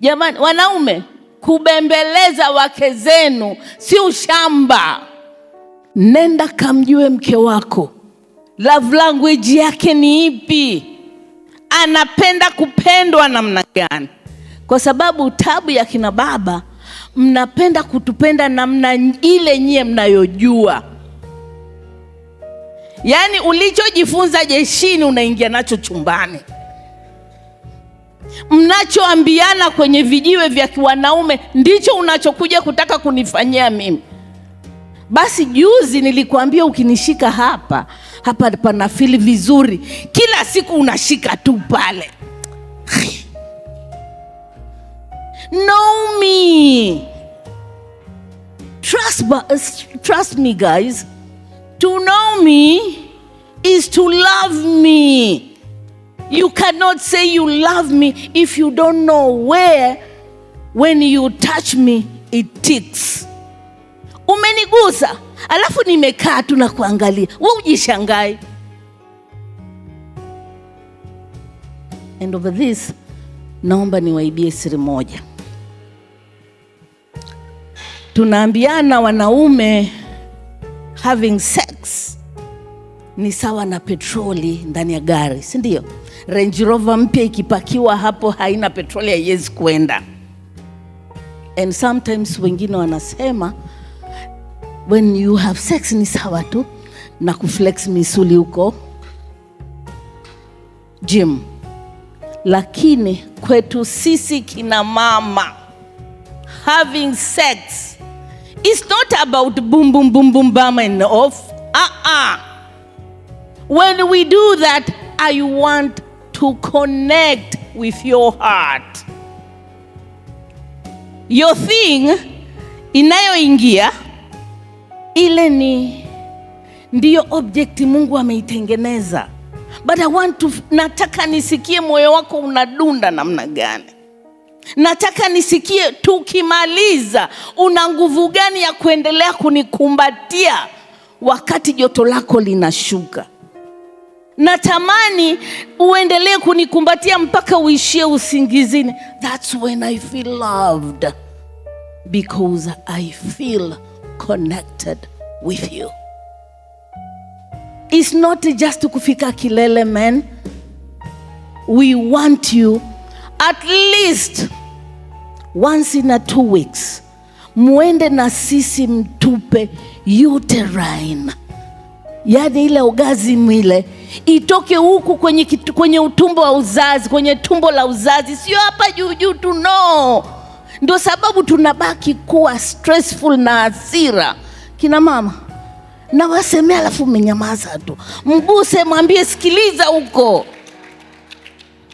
Jamani wanaume, kubembeleza wake zenu si ushamba. Nenda kamjue mke wako, love language yake ni ipi, anapenda kupendwa namna gani? Kwa sababu tabu ya kina baba, mnapenda kutupenda namna ile nyie mnayojua. Yaani ulichojifunza jeshini unaingia nacho chumbani mnachoambiana kwenye vijiwe vya wanaume ndicho unachokuja kutaka kunifanyia mimi. Basi juzi nilikuambia ukinishika hapa hapa panafili vizuri, kila siku unashika tu pale. Know me. Trust, trust me guys. To know me is to love me. You cannot say you love me if you don't know where when you touch me it ticks. Umenigusa alafu nimekaa tu na kuangalia, Wewe ujishangai. And over this, naomba niwaibie siri moja. Tunaambiana wanaume having sex ni sawa na petroli ndani ya gari, si ndio? Range Rover mpya ikipakiwa hapo haina petroli, haiwezi kuenda. And sometimes wengine wanasema when you have sex ni sawa tu na kuflex misuli huko gym, lakini kwetu sisi kina mama having sex is not about boom boom boom boom bam and off. Uh -uh. When we do that, I want to connect with your heart. Your thing inayoingia ile ni ndiyo object Mungu ameitengeneza, but I want to, nataka nisikie moyo wako unadunda namna gani. Nataka nisikie tukimaliza, una nguvu gani ya kuendelea kunikumbatia wakati joto lako linashuka natamani uendelee kunikumbatia mpaka uishie usingizini. That's when I feel loved because I feel connected with you. It's not just kufika kilele man, we want you at least once in a two weeks mwende na sisi mtupe uterine, yani ile ugazi mwile itoke huku kwenye, kwenye utumbo wa uzazi, kwenye tumbo la uzazi, sio hapa juu juu tu, no. Ndio sababu tunabaki kuwa stressful na hasira. Kina mama nawasemea, alafu mmenyamaza tu. Mguse mwambie sikiliza huko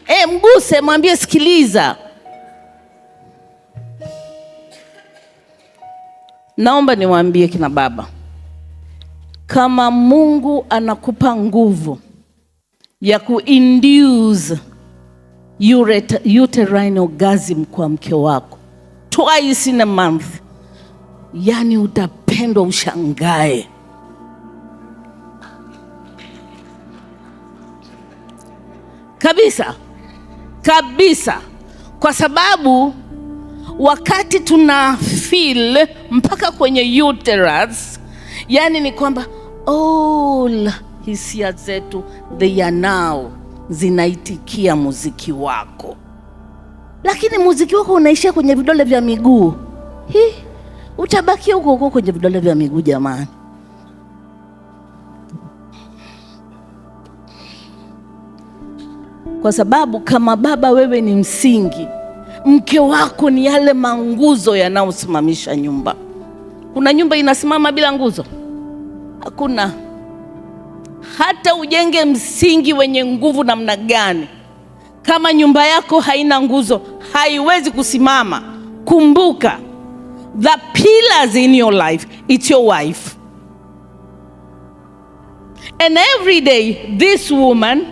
e, eh, mguse mwambie sikiliza. Naomba niwaambie kina baba kama Mungu anakupa nguvu ya kuinduce uterine orgasm kwa mke wako twice in a month, yani utapendwa ushangae. Kabisa kabisa, kwa sababu wakati tuna feel mpaka kwenye uterus, yani ni kwamba all hisia zetu they are now zinaitikia muziki wako, lakini muziki wako unaishia kwenye vidole vya miguu. hi, utabaki huko huko kwenye vidole vya miguu jamani. Kwa sababu kama baba wewe ni msingi, mke wako ni yale manguzo yanayosimamisha nyumba. Kuna nyumba inasimama bila nguzo? Hakuna. Hata ujenge msingi wenye nguvu namna gani, kama nyumba yako haina nguzo, haiwezi kusimama. Kumbuka the pillars in your life, it's your wife. And every day this woman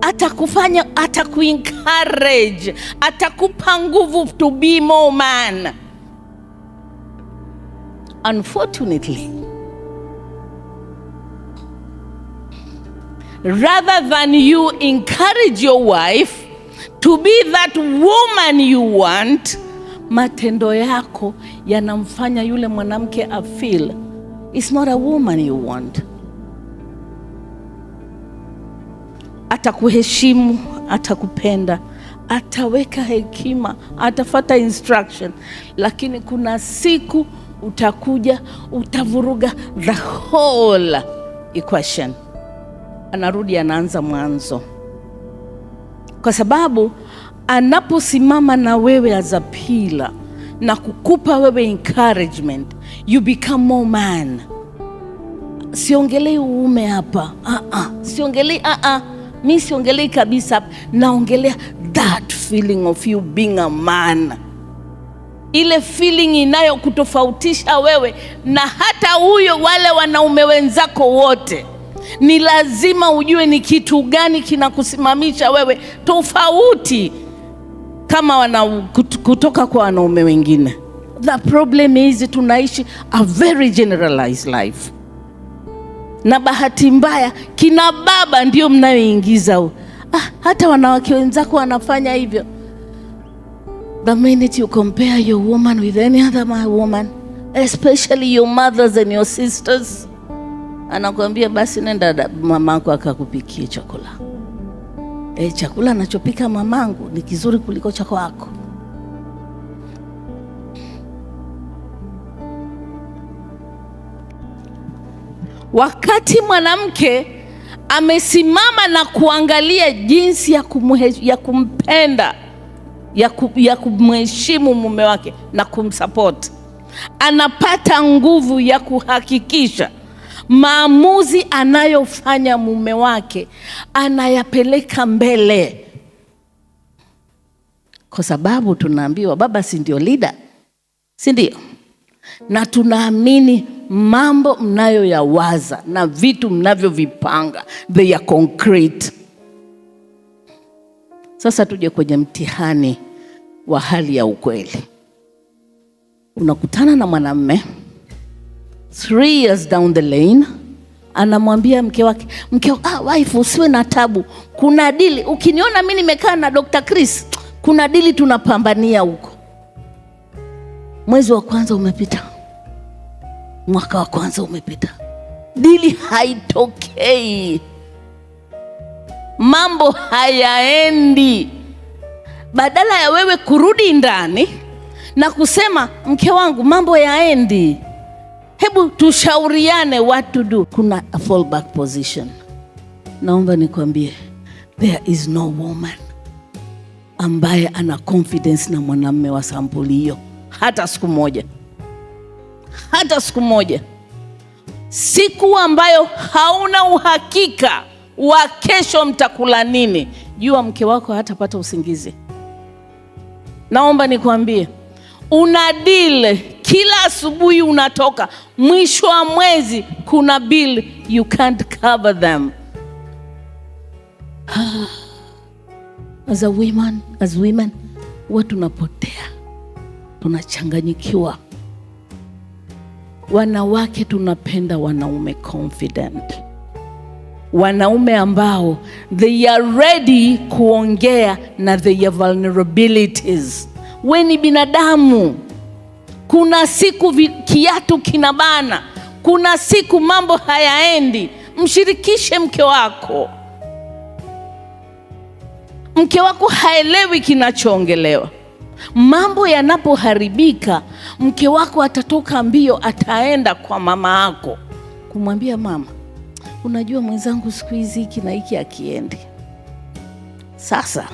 atakufanya atakuencourage, atakupa nguvu to be more man. Unfortunately rather than you encourage your wife to be that woman you want, matendo yako yanamfanya yule mwanamke feel it's not a woman you want. Atakuheshimu, atakupenda, ataweka hekima, atafata instruction, lakini kuna siku utakuja utavuruga the whole equation anarudi anaanza mwanzo, kwa sababu anaposimama na wewe as a pillar na kukupa wewe encouragement, you become more man. Siongelei uume hapa, ah -uh. siongelei ah -uh. mi siongelei kabisa, naongelea that feeling of you being a man, ile feeling inayokutofautisha wewe na hata huyo wale wanaume wenzako wote ni lazima ujue ni kitu gani kinakusimamisha wewe tofauti kama wana kutoka kwa wanaume wengine. The problem is tunaishi a very generalized life, na bahati mbaya kina baba ndio mnayoingiza huo. Ah, hata wanawake wenzako wanafanya hivyo. The minute you compare your woman with any other woman, especially your mothers and your sisters anakuambia basi nenda mamangu akakupikie chakula. E, chakula anachopika mamangu ni kizuri kuliko cha kwako. Wakati mwanamke amesimama na kuangalia jinsi ya, kumuhe, ya kumpenda ya, ku, ya kumheshimu mume wake na kumsapoti, anapata nguvu ya kuhakikisha maamuzi anayofanya mume wake anayapeleka mbele, kwa sababu tunaambiwa baba si ndio lida si ndio? Na tunaamini mambo mnayoyawaza na vitu mnavyovipanga they are concrete. Sasa tuje kwenye mtihani wa hali ya ukweli. Unakutana na mwanamume three years down the lane anamwambia mke wake, mke ah, wife usiwe na tabu, kuna dili. Ukiniona mi nimekaa na Dr. Chris, kuna dili tunapambania huko. Mwezi wa kwanza umepita, mwaka wa kwanza umepita, dili haitokei, mambo hayaendi. Badala ya wewe kurudi ndani na kusema mke wangu, mambo yaendi hebu tushauriane what to do. Kuna a fallback position. Naomba nikwambie, there is no woman ambaye ana confidence na mwanamume wa sampuli hiyo, hata siku moja, hata siku moja. Siku ambayo hauna uhakika wa kesho mtakula nini, jua mke wako hatapata usingizi. Naomba nikwambie, una deal kila asubuhi unatoka, mwisho wa mwezi kuna bill you can't cover them. Ah. As a woman, as women, huwa tunapotea, tunachanganyikiwa. Wanawake tunapenda wanaume confident, wanaume ambao they are ready kuongea na their vulnerabilities. We ni binadamu. Kuna siku kiatu kinabana, kuna siku mambo hayaendi. Mshirikishe mke wako. Mke wako haelewi kinachoongelewa. Mambo yanapoharibika, mke wako atatoka mbio, ataenda kwa mama yako kumwambia mama, unajua mwenzangu, siku hizi hiki na hiki akiendi. Sasa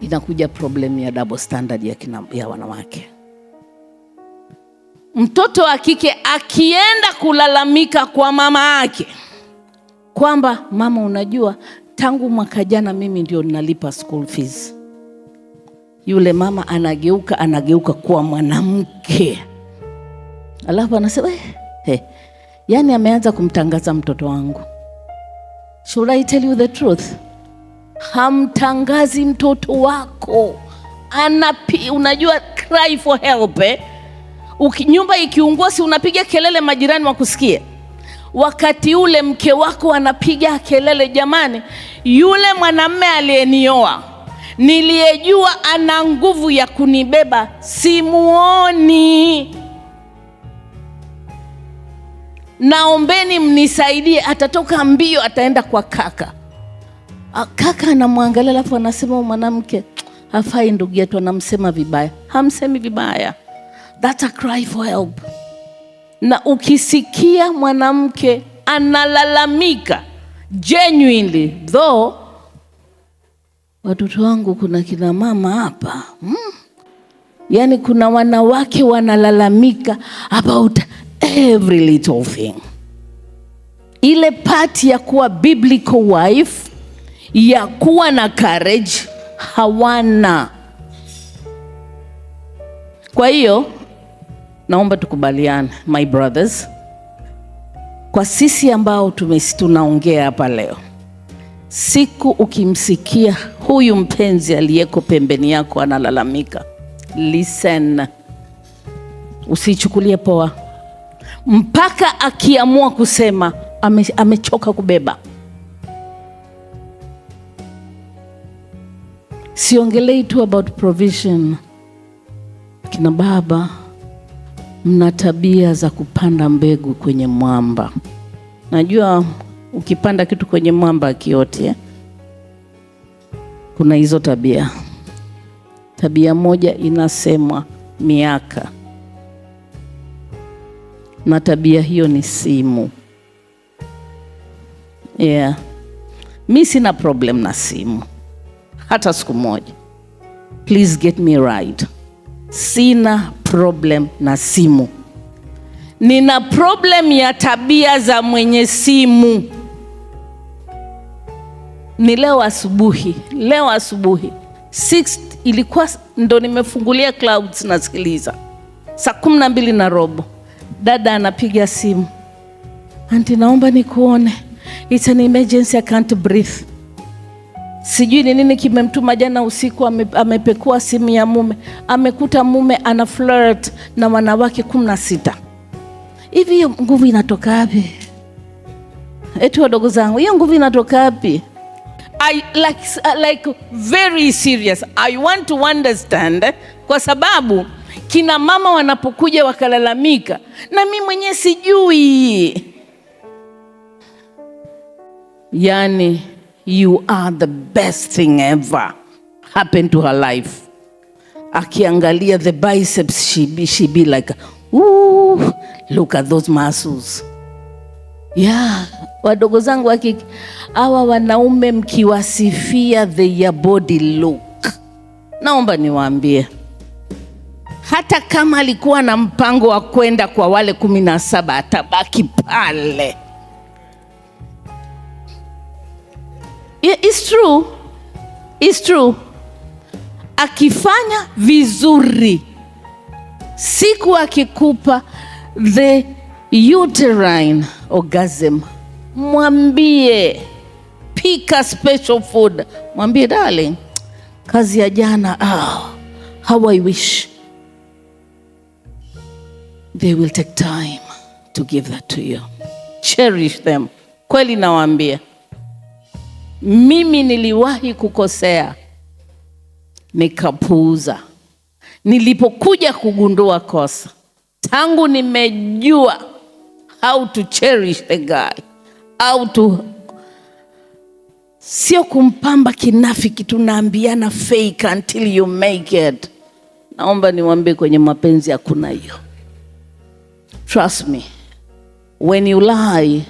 inakuja problem ya double standard ya, kina, ya wanawake mtoto wa kike akienda kulalamika kwa mama yake kwamba mama, unajua tangu mwaka jana mimi ndio ninalipa school fees, yule mama anageuka anageuka kuwa mwanamke, alafu anasema eh, hey, yani ameanza kumtangaza mtoto wangu. Should I tell you the truth? Hamtangazi mtoto wako anapi, unajua cry for help eh? Uki, nyumba ikiungua, si unapiga kelele majirani wakusikie? Wakati ule mke wako anapiga kelele, jamani, yule mwanamme aliyenioa niliyejua ana nguvu ya kunibeba simuoni, naombeni mnisaidie. Atatoka mbio, ataenda kwa kaka. Kaka anamwangalia alafu anasema, mwanamke hafai, ndugu yetu, anamsema vibaya. Hamsemi vibaya That's a cry for help. Na ukisikia mwanamke analalamika genuinely, though watoto wangu, kuna kina mama hapa hmm? Yaani kuna wanawake wanalalamika about every little thing. Ile pati ya kuwa biblical wife ya kuwa na courage hawana. Kwa hiyo Naomba tukubaliane my brothers, kwa sisi ambao tunaongea hapa leo, siku ukimsikia huyu mpenzi aliyeko pembeni yako analalamika, listen, usichukulie poa mpaka akiamua kusema ame, amechoka kubeba. Siongelei tu about provision, kina baba mna tabia za kupanda mbegu kwenye mwamba. Najua ukipanda kitu kwenye mwamba akiote, kuna hizo tabia. Tabia moja inasemwa miaka, na tabia hiyo ni simu. Yeah. Mi sina problem na simu hata siku moja. Please get me right. Sina problem na simu. Nina problem ya tabia za mwenye simu. Ni leo asubuhi, leo asubuhi six ilikuwa ndo nimefungulia clouds nasikiliza saa kumi na mbili na robo dada anapiga simu, anti, naomba nikuone, it's an emergency, I can't breathe Sijui ni nini kimemtuma jana usiku ame, amepekua simu ya mume, amekuta mume ana flirt na wanawake kumi na sita. Hivi hiyo nguvu inatoka wapi? Eti wadogo zangu, hiyo nguvu inatoka wapi? I like, like very serious. I want to understand kwa sababu kina mama wanapokuja wakalalamika, na mimi mwenyewe sijui yani you are the best thing ever happened to her life. Akiangalia the biceps, she be, she be like Ooh, look at those muscles. Yeah, wadogo zangu waki awa wanaume mkiwasifia their body look, naomba niwaambie hata kama alikuwa na mpango wa kwenda kwa wale kumi na saba atabaki pale. It's true. It's true. Akifanya vizuri siku akikupa the uterine orgasm, mwambie pika special food, mwambie darling, kazi ya jana oh, how I wish they will take time to give that to you. Cherish them kweli, nawaambia. Mimi niliwahi kukosea nikapuuza. Nilipokuja kugundua kosa, tangu nimejua how to cherish the guy, how to sio kumpamba kinafiki, tunaambiana fake until you make it. Naomba niwaambie, kwenye mapenzi hakuna hiyo. Trust me when you lie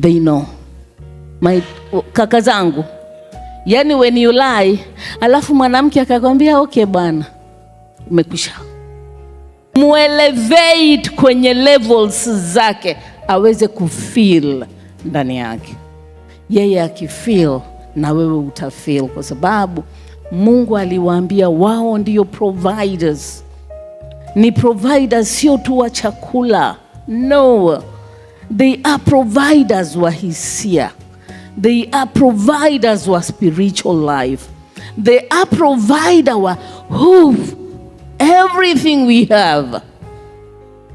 they know my oh, kaka zangu, yani when you lie, alafu mwanamke akakwambia okay bwana, umekwisha. Muelevate kwenye levels zake, aweze kufeel ndani yake yeye akifeel na wewe utafeel, kwa sababu Mungu aliwaambia wao ndio providers. Ni providers sio tu wa chakula, no, they are providers wa hisia. They are providers of spiritual life. They are provider wa hope, everything we have.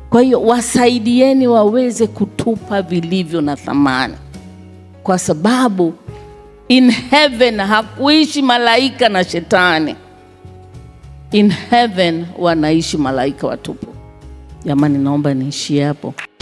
Kwa hiyo wasaidieni waweze kutupa vilivyo na thamani, kwa sababu in heaven hakuishi malaika na shetani. In heaven wanaishi malaika watupu. Jamani, naomba niishie hapo.